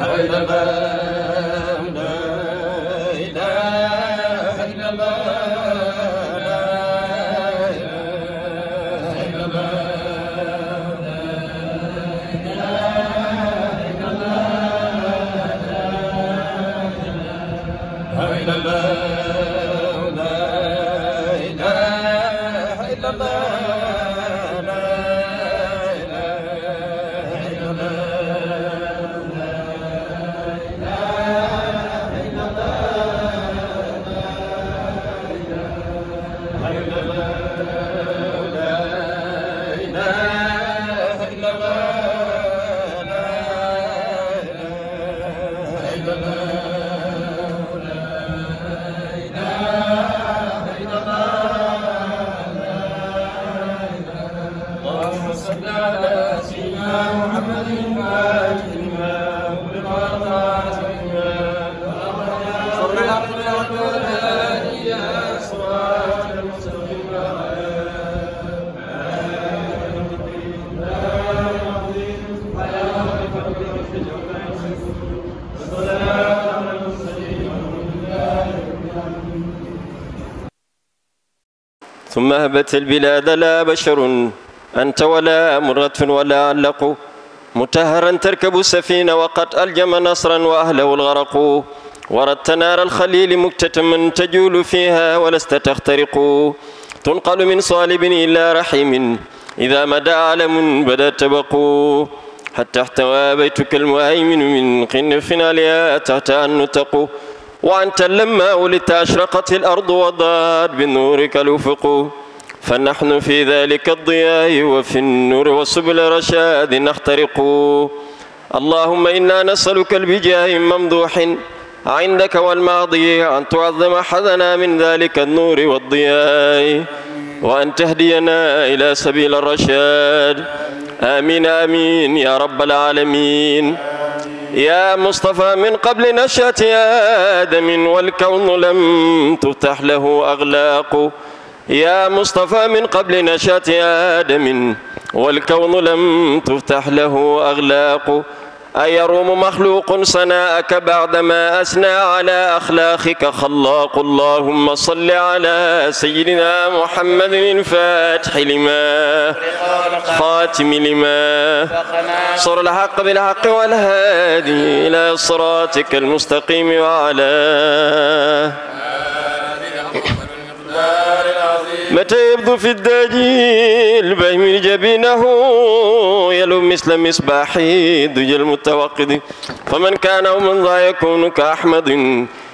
هاي ثم هبت البلاد لا بشر أنت ولا مرة ولا علق متهرا تركب السفينة وقد ألجم نصرا وأهله الغرق وردت نار الخليل مكتتما تجول فيها ولست تخترق تنقل من صالب إلى رحيم إذا مدى علم بدا تبق حتى احتوى بيتك المهيمن من قنف عليها تحت أن نتقو وأنت لما ولدت أشرقت الأرض وضاد بنورك الأفق فنحن في ذلك الضياء وفي النور وسبل رشاد نخترق اللهم إنا نسألك البجاه ممدوح عندك والماضي أن تعظم أحدنا من ذلك النور والضياء وأن تهدينا إلى سبيل الرشاد آمين آمين يا رب العالمين يا مصطفى من قبل نشأة آدم والكون لم تفتح له أغلاق يا مصطفى من قبل نشأة آدم والكون لم تفتح له أغلاق أيروم مخلوق صناءك بعدما أثنى على أخلاقك خلاق اللهم صل على سيدنا محمد الفاتح لما خاتم لما صر الحق بالحق والهادي إلى صراطك المستقيم وعلى متى يبدو في الدجيل بهم جبينه يلو مثل مصباحي دج المتوقد فمن كان ومن ذا يكون كأحمد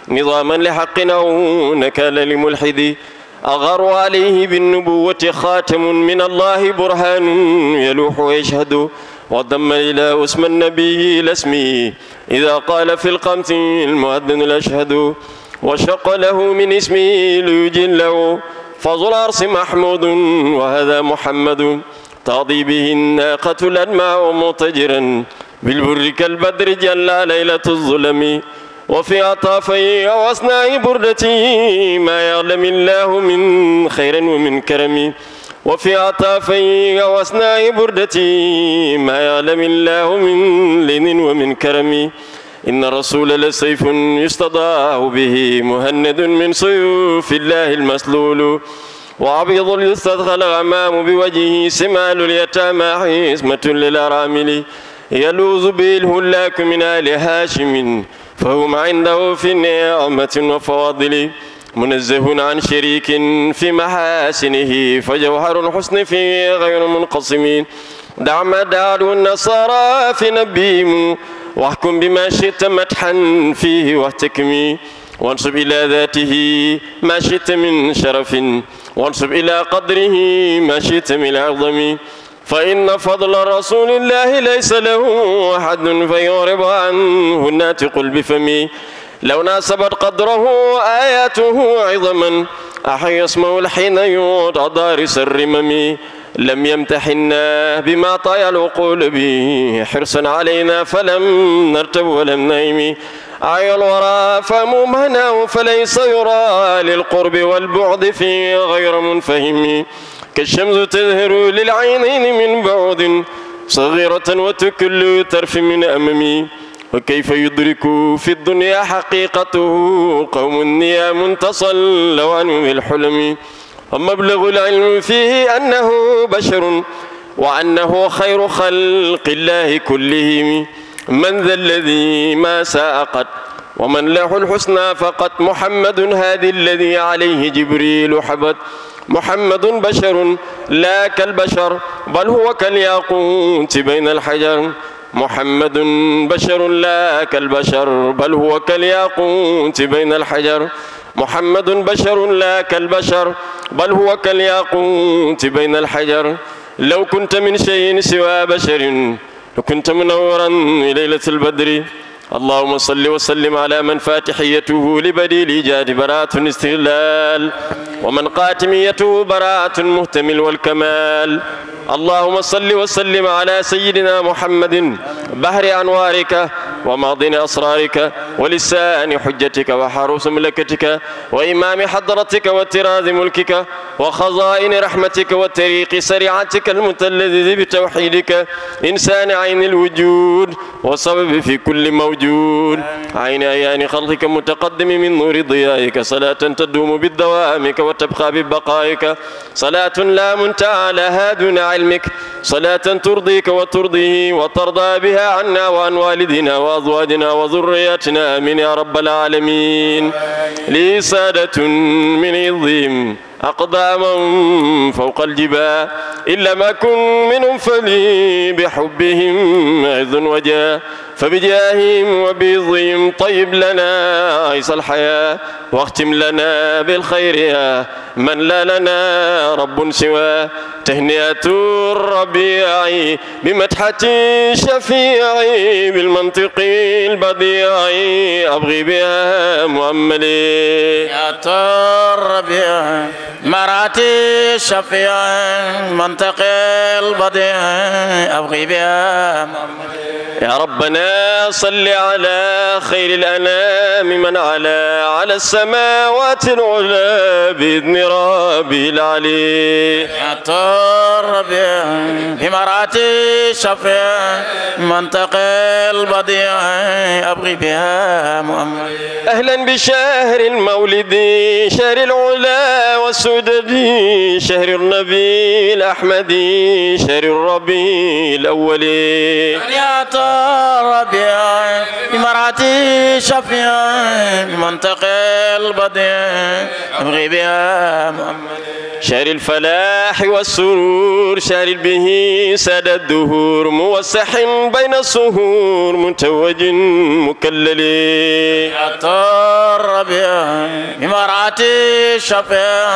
نظاما لحقنا نكال لملحد أغر عليه بالنبوة خاتم من الله برهان يلوح ويشهد وضم إلى اسم النبي لاسمي إذا قال في القمت المؤذن الأشهد وشق له من اسمه ليجله فضل عرس محمود وهذا محمد تغضي به الناقة الأنماء متجرا بالبر كالبدر جل ليلة الظلم وفي عطافي وأصناع بردتي ما يعلم الله من خير ومن كرم وفي عطافي وأصناع بردتي ما يعلم الله من لين ومن كرم إن الرسول لسيف يستضاء به مهند من سيوف الله المسلول وعبيض يستدخل الغمام بوجهه سمال اليتامى حسمة للأرامل يلوذ به الهلاك من آل هاشم فهم عنده في نعمة وفواضل منزه عن شريك في محاسنه فجوهر الحسن فيه غير منقسم دعم دار النصارى في نبيهم واحكم بما شئت مدحا فيه واهتكمي وانصب إلى ذاته ما شئت من شرف وانصب إلى قدره ما شئت من عظم فإن فضل رسول الله ليس له أحد فيعرض عنه الناتق بفمي لو ناسبت قدره آياته عظما أحي اسمه الحين يوضع دارس الرمم لم يمتحنا بما طيل قلبي حرصا علينا فلم نرتب ولم نيم عي الورى فممهنا فليس يرى للقرب والبعد في غير منفهم كالشمس تظهر للعينين من بعد صغيرة وتكل ترف من أممي وكيف يدرك في الدنيا حقيقته قوم نيام تصلوا عنه الحلم ومبلغ العلم فيه أنه بشر وأنه خير خلق الله كلهم من ذا الذي ما ساء قد ومن له الحسنى فقد محمد هادي الذي عليه جبريل حبت محمد بشر لا كالبشر بل هو كالياقوت بين الحجر محمد بشر لا كالبشر بل هو كالياقوت بين الحجر محمد بشر لا كالبشر بل هو كالياقوت بين الحجر لو كنت من شيء سوى بشر لكنت منورا ليلة البدر اللهم صل وسلم على من فاتحيته لبديل ايجاد براءة الاستغلال ومن قاتميته براءة مهتمل والكمال اللهم صل وسلم على سيدنا محمد بحر انوارك ومعضن اسرارك ولسان حجتك وحروس ملكتك وإمام حضرتك وتراز ملكك وخزائن رحمتك وطريق سريعتك المتلذذ بتوحيدك إنسان عين الوجود وسبب في كل موجود عين أيان خلقك متقدم من نور ضيائك صلاة تدوم بالدوامك وتبقى ببقائك صلاة لا منتهى لها دون علمك صلاة ترضيك وترضيه وترضى بها عنا وعن والدنا وأزواجنا وذرياتنا آمين يا رب العالمين لي سادة من عظهم أقداما فوق الجبال إلا ما كن منهم فلي بحبهم عز وجاه فبجاههم وبيضهم طيب لنا عيس الحياة واختم لنا بالخير يا من لا لنا رب سواه تهنئة الربيع بمدحة شفيع بالمنطق البديع أبغي بها مؤملي يا الربيع مراتي الشفيع منطق البديع أبغي بها مؤملي يا ربنا صل على خير الأنام من على على السماوات العلا بإذن ربي العلي عطار ربي إمارات الشفيع منطقة البضيع أبغي بها مؤمن أهلا بشهر المولد شهر العلا والسدد شهر النبي الأحمدي شهر الربي الأولي يعني يا ترى ربيع إماراتي شفيع منطقة البديع أبغي بها محمد شهر الفلاح والسرور شهر به ساد الدهور موسح بين السهور متوج مكلل الربيع إماراتي شفيع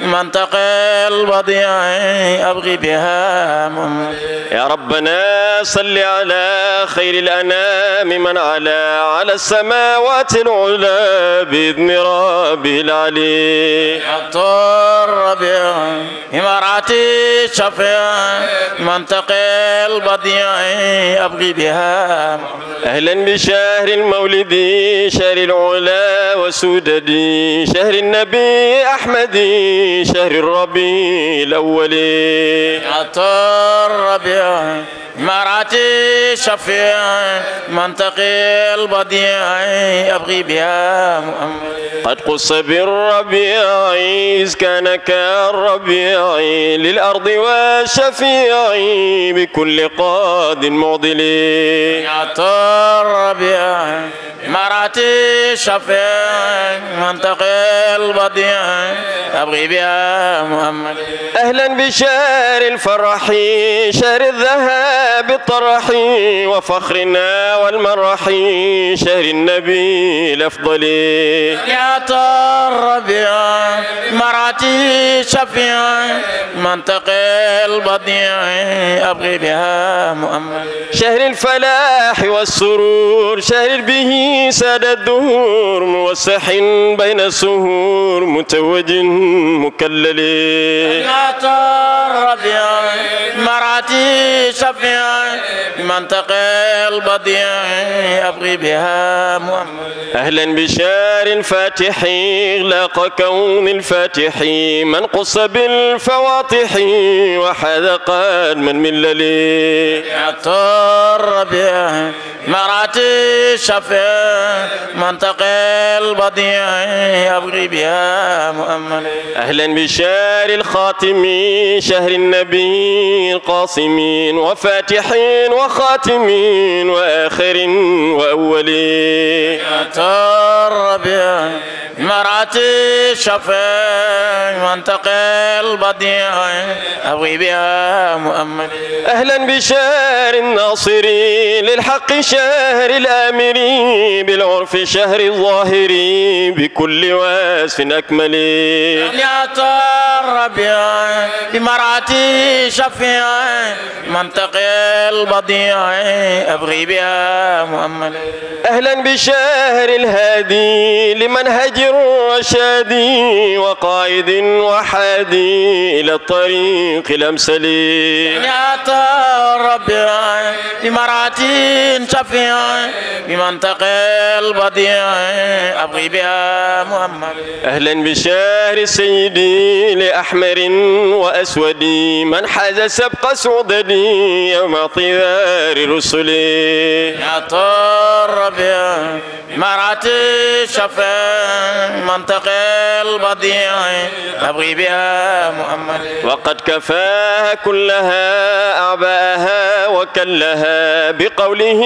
منطقة البديع أبغي بها محمد يا ربنا صل على خير الأ الأنام من علا على السماوات العلا بإذن رب العلي عطار ربيع إماراتي شفيع منطقة البضيع أبغي بها أهلا بشهر المولد شهر العلا وسدد شهر النبي أحمد شهر الربيع الأول عطار ربيع مراتي شفيع منطقي البضيع أبغي بها محمد قد قص بالربيع إذ كان كالربيع للأرض والشفيع بكل قاد معضل يا الربيع مراتي شفيع منطقي البضيع أبغي بها محمد أهلا بشهر الفرح شهر الذهب بطرح وفخرنا والمرح شهر النبي الأفضل يا طار طربيا شفاعتي شفيع منطق البضيع أبغي بها مؤمن شهر الفلاح والسرور شهر به ساد الدهور موسح بين السهور متوج مكلل جنات الربيع مراتي شفيع منطق البضيع أبغي بها مؤمن أهلا بشار الفاتح إغلاق كون الفاتح الفواتح من قص بالفواتح وحذق من ملل عطر بها مراتي الشفيع منطق البضيع يبغي بها مؤمل أهلا بشار الخاتم شهر النبي القاسم وفاتح وخاتم وآخر وأول عطر بها مراتي الشفيع وانتقل البضيع أبغي بها مؤمل أهلا بشهر الناصري للحق شهر الآمري بالعرف شهر الظاهر بكل واسف أكمل يا الربيع بمرأتي شفيع منتقل البضيع أبغي بها مؤمل أهلا بشهر الهادي لمنهج الرشاد وقائد قائد وحادي إلى الطريق الأمثل يا رب إمارات شفيع بمنطقة البضيع أبغي بها محمد أهلا بشهر سيدي لأحمر وأسود من حاز سبق سعدني يوم طيار رسلي يا رب إمارات شفيع منطقة البضيع أبغي بها مؤمل وقد كفاها كلها أعباءها وكلها بقوله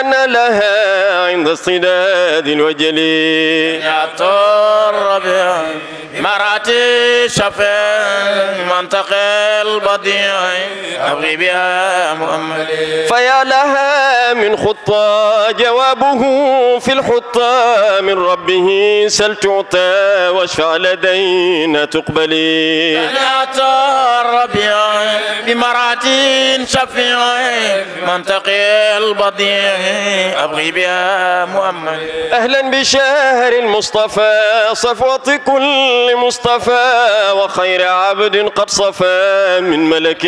أنا لها عند الصداد الوجل يا طر مراتي شفاء منطق البضيع أبغي بها مؤمل فيا لها من خطة جوابه في الحطة من ربه سل تعطى واشفع لديه المؤمنين تقبلي بنات بمرات بمراتين من منطقي البضيع أبغي بها مؤمن أهلا بشهر المصطفى صفوة كل مصطفى وخير عبد قد صفى من ملك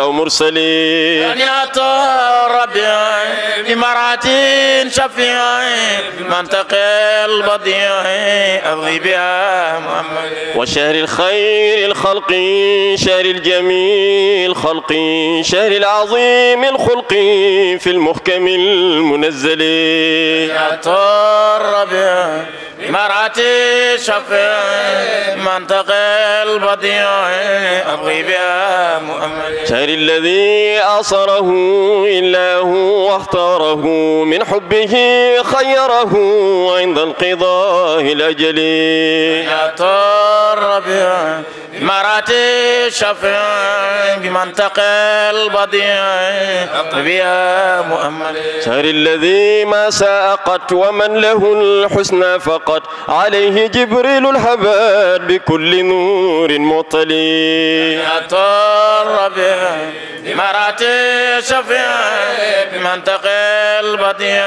أو مرسلين بنات بمرات بمراتين من منطقي البضيع أبغي بها مؤمن وشهر الخير الخلق شهر الجميل خلق شهر العظيم الخلق في المحكم المنزل مراتي الربيع مرعتي شفيع منطقة البضيع أبغي بها مؤمن شهر الذي أصره إله واختاره من حبه خيره عند انقضاء الأجل يا الربيع شفاعتي شفيع بمن تقى البضيع بها مؤمل سهر الذي ما ساقت ومن له الحسنى فقط عليه جبريل الحباد بكل نور مطلي يا الربيع بمراتي شفيع بمن تقى البضيع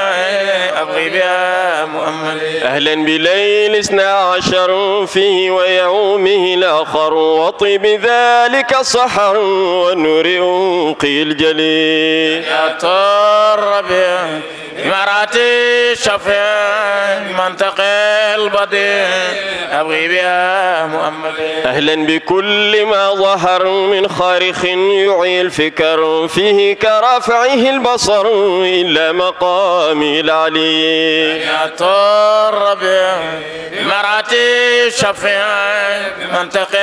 أبغي بها مؤمل أهلا بليل اثنا عشر فيه ويومه الآخر وطي نعطي بذلك صحا ونور ينقي الجليل يا طرب مراتي شفيع منطقه البديع أبغي بها محمد أهلا بكل ما ظهر من خارخ يعي الفكر فيه كرفعه البصر إلا مقامي العلي يا طرب مراتي شفيع منطقه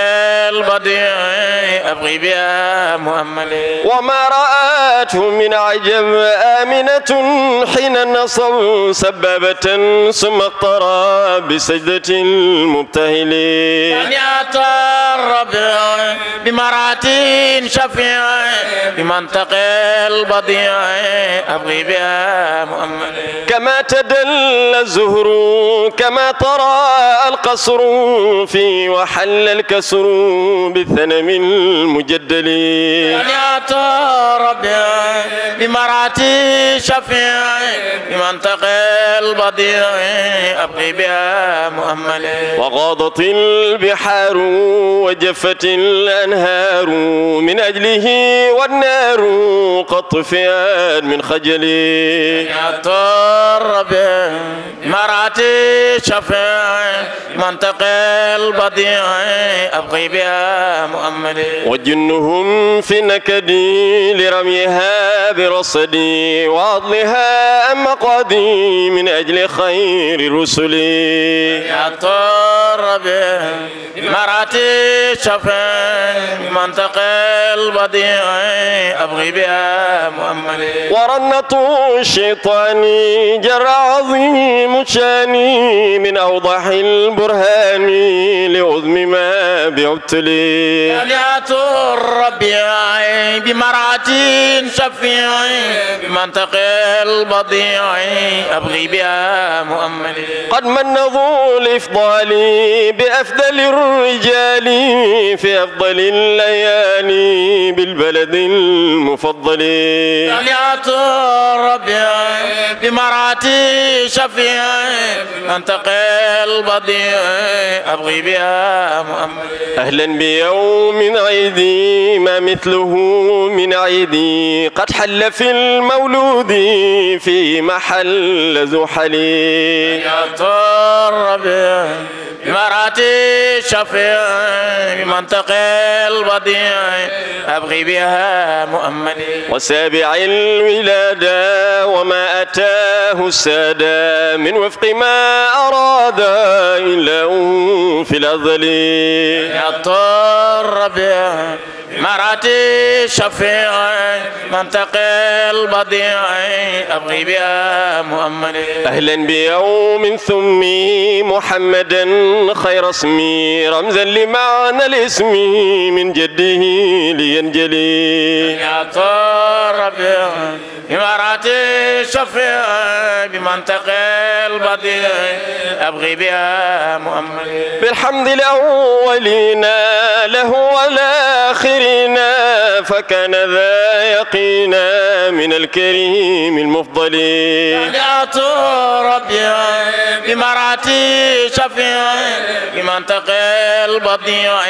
البديع أبغي بها مؤملة وما رآته من عجب آمنة حين نصب سبابة ثم اقترى بسجدة المبتهل يعني يأتى الرب بمرات شفيع بمنطق البضيع أبغي بها مؤملة كما تدل الزهر كما ترى القصر في وحل الكسر بالثنم المجدل يا ربي بمراتي شفيعي بمنطق البضيع أبقي بها مؤمل وغاضت البحار وجفت الأنهار من أجله والنار قد طفئت من خجلي يا ربي بمراتي شفيعي منطق البضيع أبقي بها محمد وجنهم في نكدي لرميها برصدي واضلها مقادي من أجل خير الرسل يا طرب مراتي شفا منطقه البضيع أبغي بها محمد ورنة الشيطان جر عظيم شاني من أوضح البرهان لأذم ما بيبتلي لي الدين شفيعي بمنطق البضيع أبغي بها مؤمل قد من ذو الإفضال بأفضل الرجال في أفضل الليالي بالبلد المفضل طلعت الربيع بمراتي شفيعي منطق البضيع أبغي بها مؤمل أهلا بيوم عيدي ما مثله من عيد العيد قد حل في المولود في محل زحلي يا ربي بمراتي الشفيع بمنطق البضيع أبغي بها مؤملي وسابع الولادة وما أتاه السادة من وفق ما أراد إلا في الأظل يا ربي مراتي شفيعي منطق البضيعي أبغي بها مؤمن أهلا بيوم ثمي محمدا خير اسمي رمزا لمعنى الاسم من جده لينجلي يا ربي إماراتي شفيعي بمنطق البضيعي أبغي بها مؤمن بالحمد الأولين له والآخرين أمرنا فكان ذا يقينا من الكريم المفضل رجعت ربي بمراتي شفيع بمنطق البطيع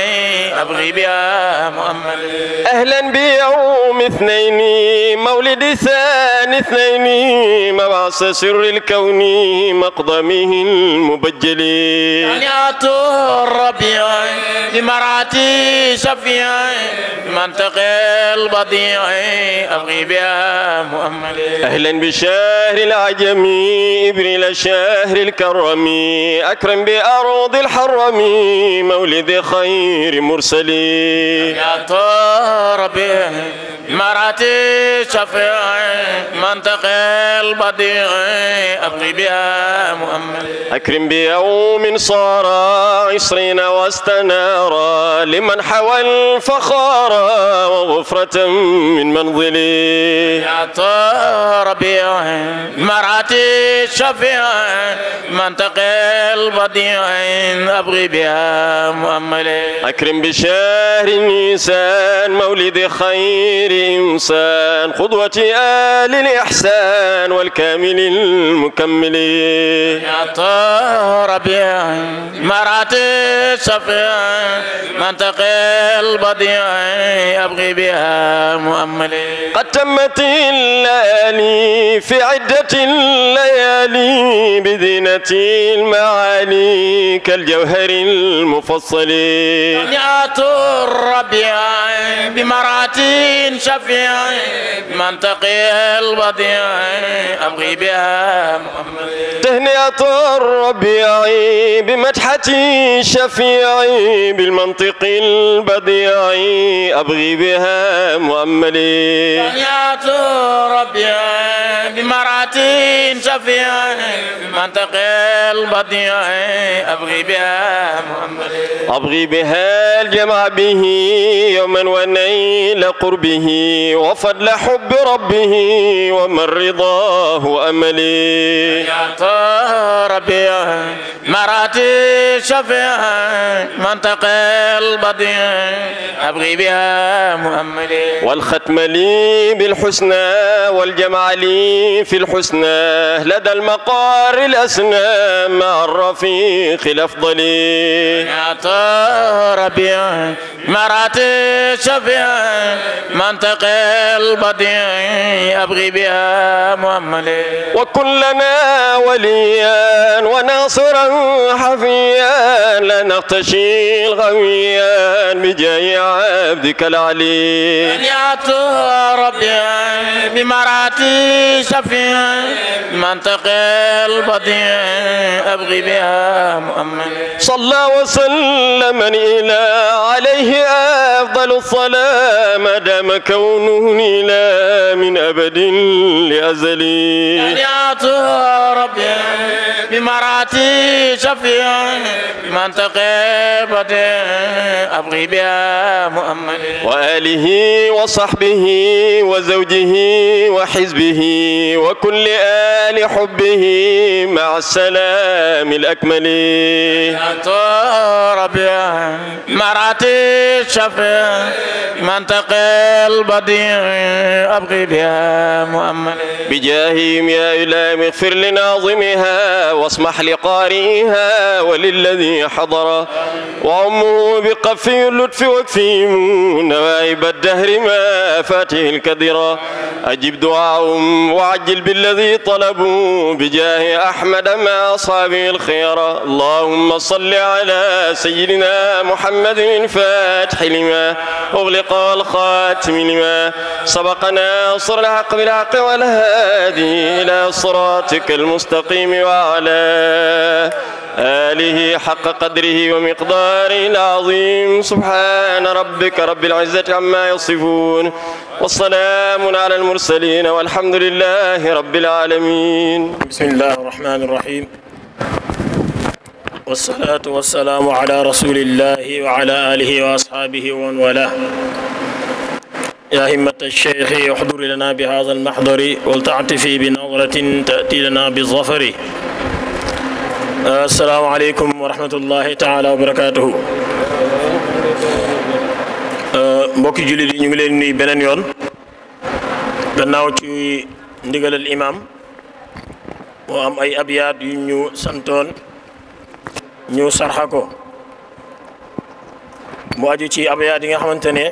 أبغي بها مؤمل أهلا بيوم اثنين مولد سان اثنين مبعث سر الكون مقدمه المبجل رجعت ربي بمراتي شفيع منطقة البضيع أبغي بها مؤمل أهلا بشهر العجم إبريل شهر الكرم أكرم بأرض الحرم مولد خير مرسلين يا ربي مراتي شفيعي منطقة البضيع أبغي بها مؤمل أكرم بيوم صار عصرين واستنار لمن حوى الفخار طارا وغفرة من منظلي يا ربي مراتي الشفيع منطقة البضيع أبغي بها مؤملي أكرم بشهر نيسان مولد خير إنسان قدوة آل الإحسان والكامل المكمل يا ربي مراتي الشفيع منطقة البضيع أبغي بها مؤملي قد تمت الليالي في عدة الليالي بذنة المعالي كالجوهر المفصل نعات الربيع بمرات شفيع بمنطقي البضيع أبغي بها مؤملي تهنئة الربيع بمدحة شفيع بالمنطق البضيع أبغي بها مؤملي يا ربي بمراتين شفيع منطق البضيع أبغي بها مؤملي أبغي بها الجمع به يوما ونيل قربه وفضل حب ربه ومن رضاه أملي يا ربي مراتي شفيع منطق البضيع أبغي بها محمد والختم لي بالحسنى والجمع لي في الحسنى لدى المقار الأسنى مع الرفيق الأفضل يا ربي مرات شفيع منطق البديع أبغي بها محمد وكلنا وليا وناصرا حفيا لا نغتشي الغويا بجاي عبدك العلي يا ربي بمراتي شفيع منطق البديع أبغي بها مؤمن صلى وسلم الى عليه أفضل الصلاة ما دام كونه نيلا من أبد لأزل يا ربي بمراتي شفيع منطق البديع أبغي بها مؤمن وآله وصحبه وزوجه وحزبه وكل آل حبه مع السلام الأكمل يا يا مراتي الشفيع منطقة البديع أبغي بها مؤمل بجاههم يا إلهي اغفر لناظمها واسمح لقارئها وللذي حضر وعمه بقفي اللطف وكفيهم نوائب الدهر ما فاته الكدرا أجب دعاهم وعجل بالذي طلبوا بجاه أحمد ما أصابه الخيرا اللهم صل على سيدنا محمد الفاتح لما أغلق والخاتم لما سبق ناصر الحق بالحق والهادي إلى صراطك المستقيم وعلى آله حق قدره ومقداره العظيم سبحان ربك ربك رب العزة عما يصفون والسلام على المرسلين والحمد لله رب العالمين بسم الله الرحمن الرحيم والصلاة والسلام على رسول الله وعلى آله وأصحابه ومن والاه يا همة الشيخ احضر لنا بهذا المحضر ولتعتفي بنظرة تأتي لنا بالظفر السلام عليكم ورحمة الله تعالى وبركاته Euh, mbokki jullit yi ñu ngi leen nuyu beneen yoon gannaaw ci ndigalal imaam moo am ay abyaat yu ñu santoon ñu sarxa ko mu aju ci abyaat yi nga xamante ne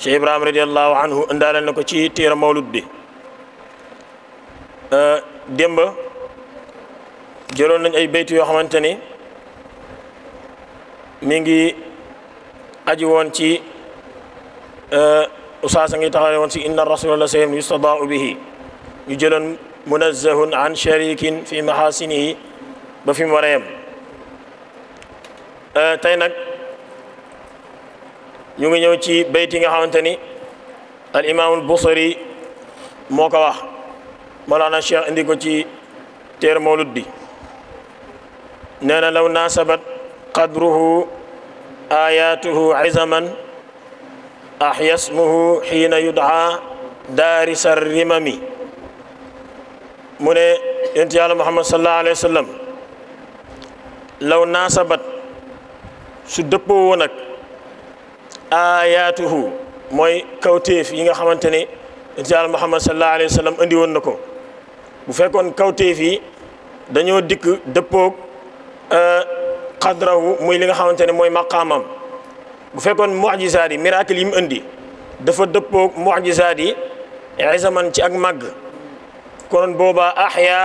Cheikh Ibrahima radiallahu anhu indaale na ko ci téere mawlud bi euh, démb jëloon nañ ay baytu yoo xamante ni aji woon ci usaasa ngi taxawe woon si inna rasula la seyhun yustadaau bihi ñu jëloon munazzahun an sharikin fi mahasinihi ba fi mu war a yem tey nag ñu ngi ñëw ci bayt yi nga xamante ni al imaamul busari moo ko wax malaana cheikh indi ko ci teer mawlud bi nee na law naasabat qadruhu آياته عزما أحيا اسمه حين يدعى دارس الرمم من ينتي على محمد صلى الله عليه وسلم لو ناسبت سدبو ونك آياته mooy kawtéef yi nga xamante ne yonent Yàlla Muhammad sallallahu alayhi wa sallam andi woon na ko bu fekkoon kawtéef yi dañoo dikk dëppoog قدره موي ليغا خاونتاني موي مقامم بو فيكون معجزات ميراكل يم اندي دا فا دبوك معجزات عزمان تي اك ماغ كون بوبا احيا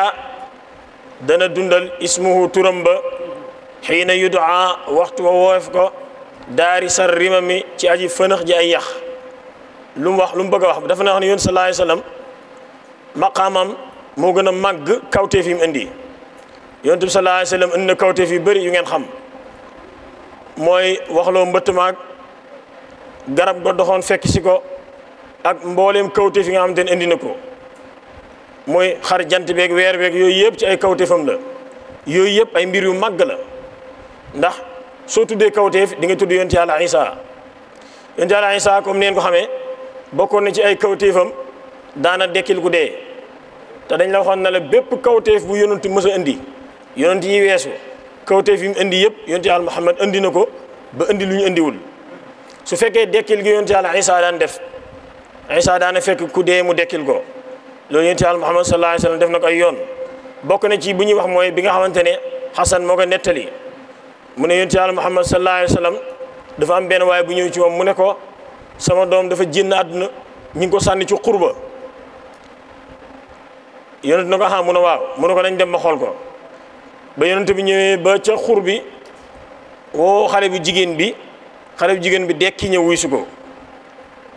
دنا نا دوندال اسمه تورم حين يدعى وقت ووقف كو داري سر ريمامي تي اجي فنخ جي اي يخ لوم واخ لوم بغا واخ دا فا نا خني يونس الله عليه وسلم مقامم مو غنا ماغ كاوتيف يم اندي yonent bi sallallahu alayhi wa sallam indi na kawteef yu bëri yu ngeen xam mooy waxloo mbëtt maag garab ga doxoon fekk si ko ak mbooleem kawteef yi nga xamante ne indi na ko mooy xar jant beeg weer beeg yooyu yëpp ci ay kawteefam la yooyu yëpp ay mbir yu màgg la ndax soo tuddee kawteef di nga tudd yonent yàlla Isaa yonent yàlla Isaa comme neen ko xamee bokkoon na ci ay kawteefam daana dekkil ku dee te dañ la waxoon na la bépp kawteef bu yonent mës indi yonent yi weesu kawteef fi mu indi yëpp yonent yàlla Muhammad indi na ko ba indi lu ñu indiwul su fekkee dekkil gi yonent yàlla Isa daan def Isa daan fekk ku dee mu dekkil ko loolu yonent yàlla Muhammad sallallahu alayhi wa sallam def na ko ay yoon bokk na ci bu ñuy wax mooy bi nga xamante ne Xasan moo ko nettali mu ne yonent yàlla Muhammad sallallahu alayhi wa dafa am benn waaye bu ñëw ci moom mu ne ko sama doom dafa génn àdduna ñi ngi ko sànni ci xurba yonent na ko xam ah, mu ne waaw mu ne ko nañ dem ma xool ko ba yonent bi ñëwee ba ca xur bi woo xale bu jigéen bi xale bu jigéen bi dekki ñëw wuy su ko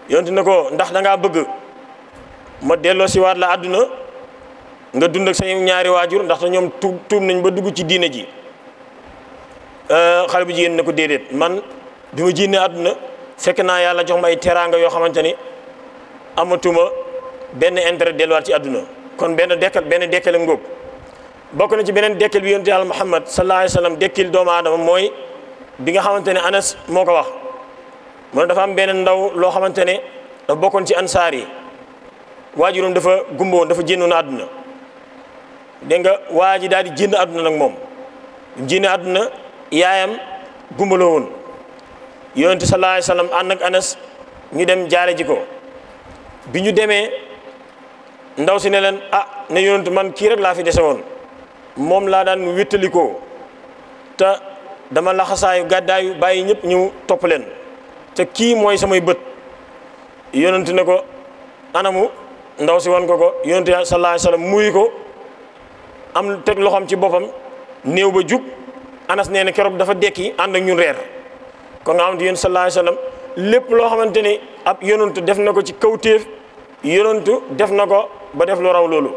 yonent na ko ndax da bëgg ma delloo si waat la àdduna nga dund ak sa ñaari waajur ndaxte ñoom tuub tuub nañ ba dugg ci diine ji euh, xale bu jigéen na ko déedéet man bi ma génnee àdduna fekk naa yàlla jox may teraanga yoo xamante ni amatuma benn intérêt delluwaat ci àdduna kon benn dekkal benn dekkale ngóob bokk na ci beneen dekkil bi yonent yàlla Muhammad sallallahu alayhi wa sallam dekkil doomu aadama mooy bi nga xamante ne Anas moo ko wax mu dafa am beneen ndaw loo xamante ne dafa bokkoon ci ansaar yi waajuram dafa gumboon dafa génnoon àdduna dégg nga waa ji daal di génn àdduna nag moom génn àdduna yaayam gumbaloo woon yonent sallallahu alayhi wa Anas ñu dem jaare ji ko bi ñu demee ndaw si ne leen ah ne yonent man kii rek laa fi dese woon moom laa daan wettali ko te dama laxasaayu gàddaayu bàyyi ñëpp ñëw topp leen te kii mooy samay bët yonent ne ko anamu ndaw si wan ko ko yonent ya sallallahu alayhi wasallam muy ko am teg loxoom ci boppam néew ba jug anas nee na keroog dafa dekki ànd ak ñun reer kon nga xamante yéen sa alayhi wasallam lépp loo xamante ni ab yonent def na ko ci kawtéef yonent def na ko ba def lu raw loolu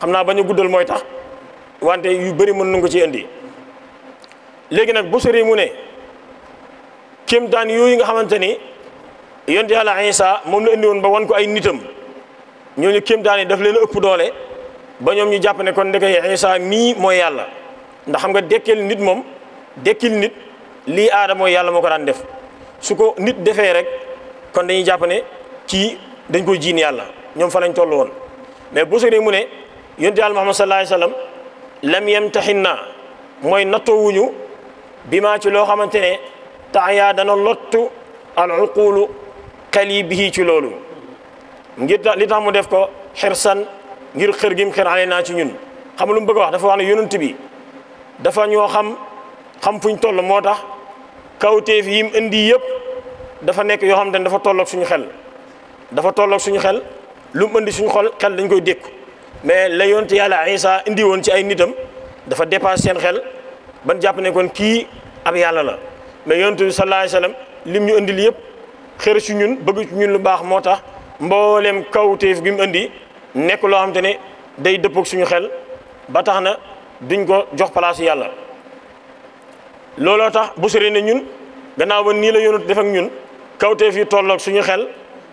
xam naa ba ñu guddal mooy tax wante yu bëri mën nañu ko ci indi léegi nag bu sori mu ne kéemtaan yooyu nga xamante ni yonent yàlla Isa moom la indi woon ba wan ko ay nitam ñooñu kéemtaan yi daf leen a ëpp doole ba ñoom ñu jàpp ne kon ndeke Isa mii mooy yàlla ndax xam nga dekkil nit moom dekkil nit lii aada mooy yàlla moo ko daan def su ko nit defee rek kon dañuy jàpp ne kii dañ koy jiin yàlla ñoom fa lañ toll woon mais bu sori mu ne yonent yàlla Muhammad sallallahu alayhi wasallam lam yamtaxin naa mooy nattoowuñu bi maa ci loo xamante ne taayaa dana lottu al uqulu kali bihi ci loolu ngir tax li tax mu def ko xirsan ngir xër gim xër ale naa ci ñun xam lu mu bëgg a wax dafa wax ne yonent bi dafa ñoo xam xam fuñ toll moo tax kawteef yim indi yëpp dafa nekk yoo xamante ne dafa tolloog suñu xel dafa tolloog suñu xel lu mu indi suñu xol xel dañ koy dékku mais la yonte yàlla Isa indi woon ci ay nitam dafa dépassé seen xel ban jàpp ne kon kii ab yàlla la mais yonte bi sallallahu alayhi lim ñu indil yëpp xër ci ñun bëgg ci ñun lu baax moo tax mboolem kawteef gi mu indi nekk loo xam te ne day dëppoog suñu xel ba tax na duñ ko jox place yàlla looloo tax bu sori ne ñun gannaaw ba nii la yonut def ak ñun kawteef yi tolloog suñu xel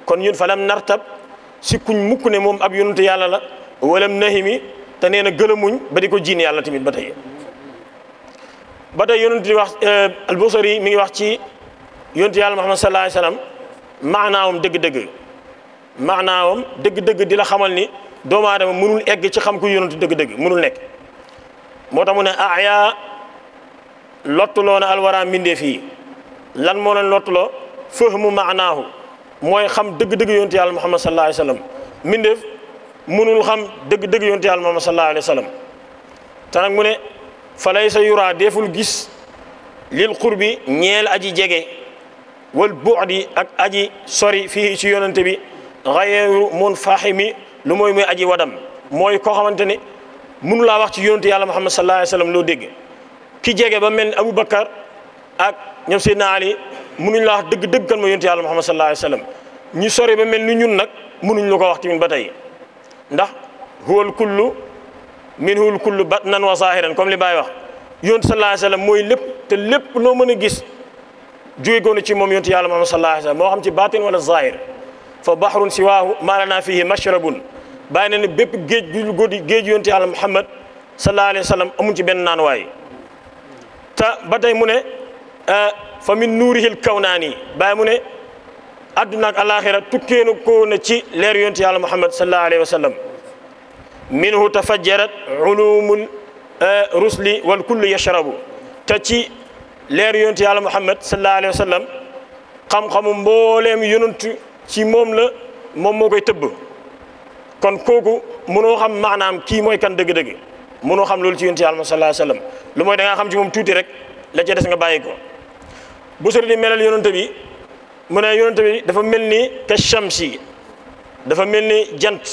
kon ñun falam nartab si kuñ mukk ne moom ab yonute yàlla la ولم نهمي تنين غلمون بديكو جيني الله تيمت بتاي بتاي يونت دي واخ البصري مي واخ سي يونت يالله محمد صلى الله عليه وسلم معناهم دغ دغ معناهم دغ دغ ديلا خمال ني دوما ادم منول ايغ سي خامكو يونت دغ دغ منول نيك موتا مون اعيا لوتلون الورا مندي في لان مولن لوتلو فهم معناه موي خام دغ دغ يونت يالله محمد صلى الله عليه وسلم مندي munul xam deug deug yonti yàlla muhammad sallallahu alayhi wasallam tan te mune falaysa yura deful gis lil qurbi ñeel aji jégué wal bu'di ak aji sori fi ci yonenté bi ghayru mun fahimi lu moy moy aji wadam moy ko xamanteni munu la wax ci yonenté yàlla muhammad sallallahu alayhi wasallam lo dégg ki jégué ba mel abou bakkar ak ñom seydna ali munu la wax deug deug kan mo yonenté yàlla muhammad sallallahu alayhi wasallam sallam ñu sori ba mel ni ñun nak mënuñ la ko wax tamit ba tey ndax huwal kullu minhu al kullu batnan wa zahiran comme li bay wax yunus sallallahu alayhi wasallam moy lépp te lépp no meuna gis jóge gonu ci mom yunus yàlla mom sallallahu alayhi wasallam mo xam ci batin wala zahir fa bahrun siwahu ma lana fihi mashrabun bayna na ne bépp géej gu godi géej yunus yàlla Muhammad sallallahu alayhi wasallam amu ci ben nan way ta batay mune fa min nuurihil kawnaani bàyyi mu ne àdduna ak alaaxira tukkeenu ko na ci leer yontu yàlla muhammad sallallahu alayhi wa sallam minhu tafajjarat ulumul eh, rusli wal kullu yashrabu te ci leer yontu yàlla muhammad sallallahu alayhi wa sallam xam-xamu mbooleem yonantu ci moom la moom moo koy tëbb kon kooku mënoo xam maanaam kii mooy kan dëgg-dëgg mënoo xam loolu ci yontu yàlla sallallahu alayhi wa sallam lu mooy da ngaa xam ci moom tuuti rek la ca des nga bàyyi ko bu melal yonante bi mu ne yonent bi dafa mel ka shamsi dafa mel ni jant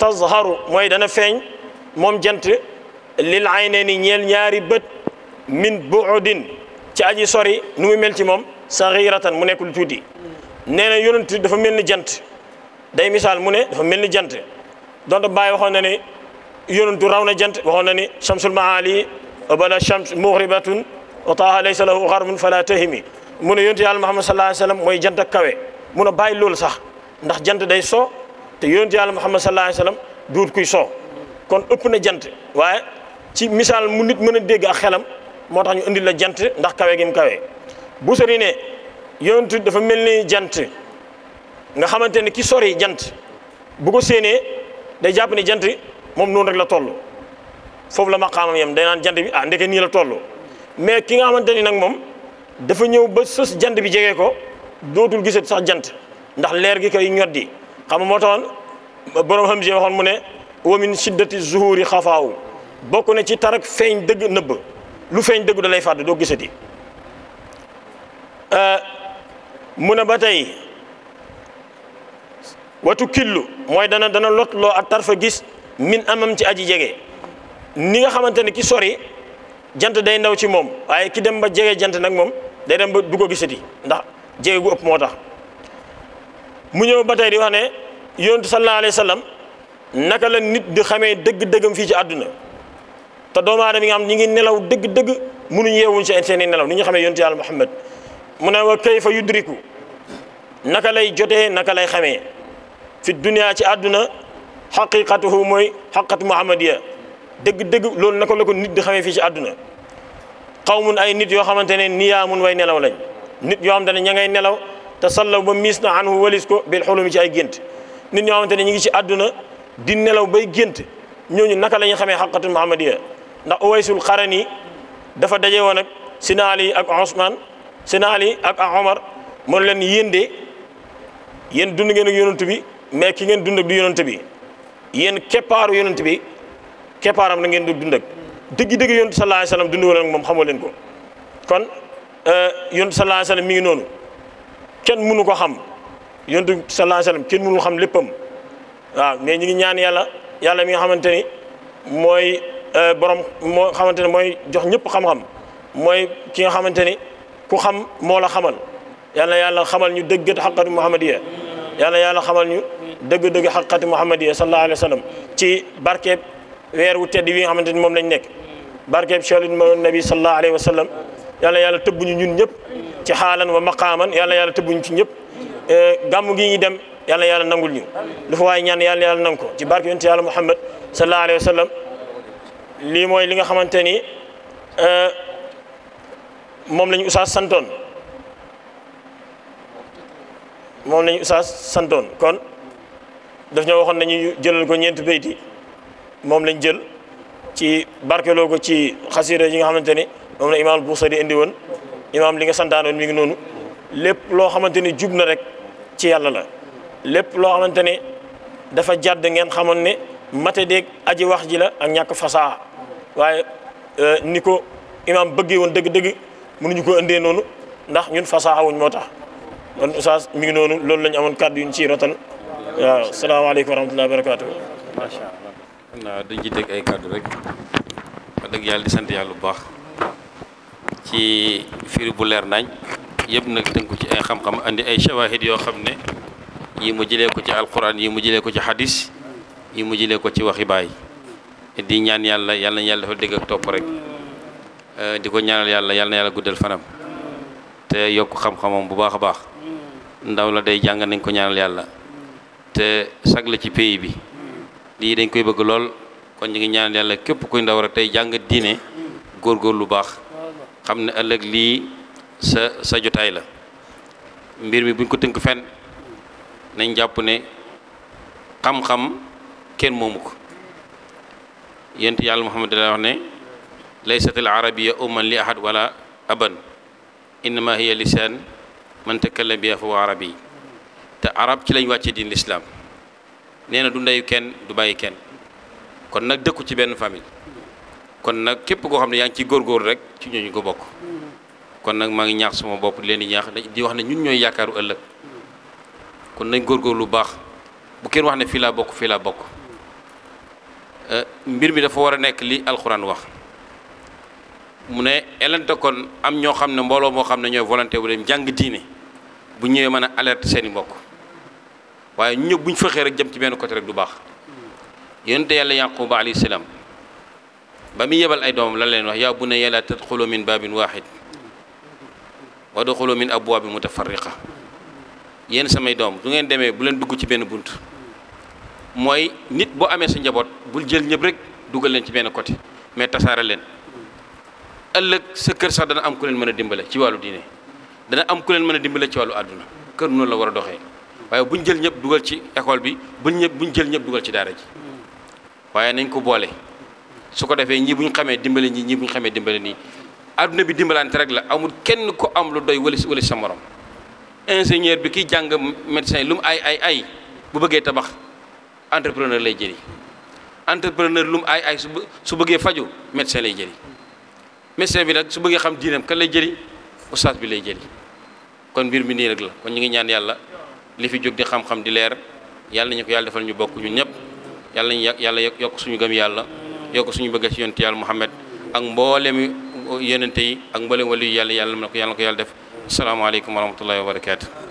tazharu mooy dana feeñ moom jant lil aynayni ñeel ñaari bët min buudin ci aji sori nu mu mel ci moom saxiratan mu nekk lu tuuti nee na yonent dafa mel ni jant day misaal mu ne dafa mel ni jant donte bàyyi waxoon na ne yonentu raw jant waxoon na ni shamsul maali bala shams mughribatun wa taaha laysa lahu gharmun fala tahimi mu ne yontu yàlla Muhammad sallallahu alayhi wa mooy jant ak kawe mun a bàyyi loolu sax ndax jant day soo te yontu yàlla Muhammad sallallahu alayhi wa sallam duut kuy soo kon ëpp na jant waaye ci misaal mu nit mën a dégg ak xelam moo tax ñu indil la jant ndax kawe gim mu kawe bu sori ne yontu dafa mel ni jant nga xamante ne ki sori jant bu ko séenee day jàpp ne jant moom noonu rek la toll foofu la ma maqaamam yam day naan jant bi ah ndeke nii la toll mais ki nga xamante ni nag moom. dafa ñëw ba sës jant bi jege ko dootul gisat sax jant ndax leer gi koy ñoddi xam nga moo taxoon borom xam si waxoon mu ne wamin shiddati zuhuri xafaawu bokk na ci tarak feeñ dëgg nëbb lu feeñ dëgg da lay fàdd doo gisati euh, mu ne ba tey watu killu mooy dana dana lot loo ak tarfa gis min amam ci aji jege ni nga xamante ne ki sori jant day ndaw ci moom waaye ki dem ba jege jant nag moom day dem ba du ko gisati ndax jéego gu ëpp moo tax mu ñëw ba tey di wax ne yonent sallallahu alayhi wa naka la nit di xamee dëgg-dëggam fii ci àdduna te doomu aadama yi nga xam ñi ngi nelaw dëgg-dëgg mënuñ yeewuñ ci seen i nelaw ni ñu xamee yonent yàlla Muhammad mu ne wa kayfa yudriku naka lay jotee naka lay xamee fi dunya ci àdduna xaqiqatuhu mooy xaqatu muhammadiya dëgg-dëgg loolu naka la ko nit di xamee fii ci àdduna xawmun ay nit yoo xamante ne niyaamun way nelaw lañ nit yoo xamante ne ña ngay nelaw te sallaw ba miis na anhu walis ko bil xulumi ci ay gént nit ñoo xamante ne ñu ngi ci àdduna di nelaw bay gént ñooñu naka la ñu xamee xaqatul muhammadiya ndax uwaysul xarani dafa daje woon ak sina ali ak Ousmane sina ali ak Omar moo leen yéen de yéen dund ngeen ak bi mais ki ngeen dund ak du yonent bi yéen keppaaru yonent bi keppaaram la ngeen du dund dëgg-dëgg yontu sallallahu alayhi wa sallam dund woon moom xamoo leen ko kon euh, yontu sallallahu alayhi wa sallam mi ngi noonu kenn mënu ko xam yontu sallallahu alayhi wa kenn mënu xam léppam waaw mais ñu ngi ñaan yàlla yàlla mi nga xamante ni mooy euh, borom moo xamante ne mooy jox ñëpp xam-xam mooy ki nga xamante ni ku xam moo la xamal yàlla yàlla xamal ñu dëgg xaqatu muhammadiya yàlla yàlla xamal ñu dëgg-dëgg xaqati muhammadiya sallallahu alayhi wa sallam ci barke weer wu tedd wi nga xamante ni moom lañ nekk barkeeb Cheikhul Nabi sallallahu alayhi wa sallam yàlla yàlla tëbbuñu ñun ñëpp ci xaalan wa maqaaman yàlla yàlla tëbbuñu ci ñëpp eh, gàmm gi ñu dem yàlla yàlla nangul ñu lu fa waaye ñaan yàlla yàlla nang ko ci barke yonent yàlla Muhammad sallallahu alayhi wa sallam lii mooy li nga xamante ni eh, moom la ñu Oustaz santoon moom la ñu Oustaz kon daf waxoon nañu jëlal ko ñeenti bayti moom lañ jël ci barkeloo ko ci xasida yi nga xamante ni moom la imaam Buusiri indi woon imaam li nga santaan woon mi ngi noonu lépp loo xamante ni jub na rek ci yàlla la lépp loo xamante ne dafa jàdd ngeen xamoon ne mate deeg aji wax ji la ak ñàkk fasaa waaye euh, ni ko imaam bëggee woon dëgg-dëgg mënuñu ko indee noonu ndax ñun fasaa wuñ moo tax kon oustaz mi ngi noonu loolu la amoon kàddu yu ñu ciy rotal waaw salaamaaleykum wa rahmatullahi wa xam naa dañ ci dégg ay kàddu rek wax dëgg yàlla di sant yàlla bu baax ci fiir bu leer nañ yëpp nag tënku ci ay xam-xam andi ay shawahid yoo xam ne yi mu jëlee ko ci alquran yi mu jëlee ko ci hadis yi mu jëlee ko ci waxi baay di ñaan yàlla yàlla yàlla dafa dégg ak topp rek eh, di ko ñaanal yàlla yàlla na yàlla guddal fanam te yokk xam-xamam bu baax a baax ndaw la day jàng nañ ko ñaanal yàlla te sag ci pays bi di dañ koy bëgg lool kon ñu ngi ñaan yàlla képp kuy ndaw rek tey jàng diine lu baax ne ëllëg sa sa jotaay la mbir mi buñ ko tënk fenn nañ jàpp ne xam-xam kenn moomu yent muhammad la wax ne laysat arabia umman li ahad wala aban innama hiya lisaan man takallam biha fa wa arabi arab ci lañ wàccee diin neena na du ndeyu ken du baye ken kon nak dëkku ci ben famille kon nag kep ko xamne yang ci gor gor rek ci ñu ko bok kon nag ma ngi ñaax sama bop di leen di ñaax di wax ne ñun ñoy ëlëk kon nañ gor lu baax bu keen wax ne la bok fi la bok euh mbir mi dafa wara a nekk li alcorane wax mu ne elante kon am ño xamne mbolo mo xamne xam volonté wu dem jang diine bu ñewé mëna alerte seen mbokk waye ñëpp buñ fexé rek jëm ci benn côté rek du baax yonente yàlla yaquba alayhi salam ba muy yebal ay doom la leen wax ya bunayya laa tadkhulu min babin wahid wa wadxulu min abwab mutafarriqa yéen samay doom du ngeen démé bu leen dugg ci benn buntu moy nit boo amé sa njabot bu jël ñëpp rek duggal leen ci benn côté mais tassara leen ëllëg sa kër sax dana am ku leen mëna dimbale ci walu diine dana am ku leen mëna dimbale ci walu aduna kër nu la wara doxé waaye buñ jël ñëpp dugal ci école bi buñ ñëpp buñ jël ñëpp dugal ci daara ji waaye nañ ko boole su ko defee ñii buñ xamee dimbali ñii ñii buñ xamee dimbali nii adduna bi dimbalante rek la amul kenn ko am lu doy wala si wala sa morom ingénieur bi kiy jàng médecin lum ay ay ay bu bëggee tabax entrepreneur lay jëli entrepreneur lu mu ay ay su bëggee faju médecin lay jëli médecin bi nag su bëggee xam diinam kan lay jëli ustaas bi lay jëli kon mbir mi nii rek la kon ñu ngi ñaan yàlla li fi jóg di xam-xam di leer yàlla ñu ko yàlla defal ñu bokk ñun ñëpp yàlla nañu yàlla yokk suñu gëm yàlla yokk suñu bëgg ci yonent yàlla Muhammad ak mboolem yonente yi ak mboolem waliyu yàlla yàlla na ko yàlla ko yàlla def asalaamaaleykum wa rahmatullahi wa barakaatu.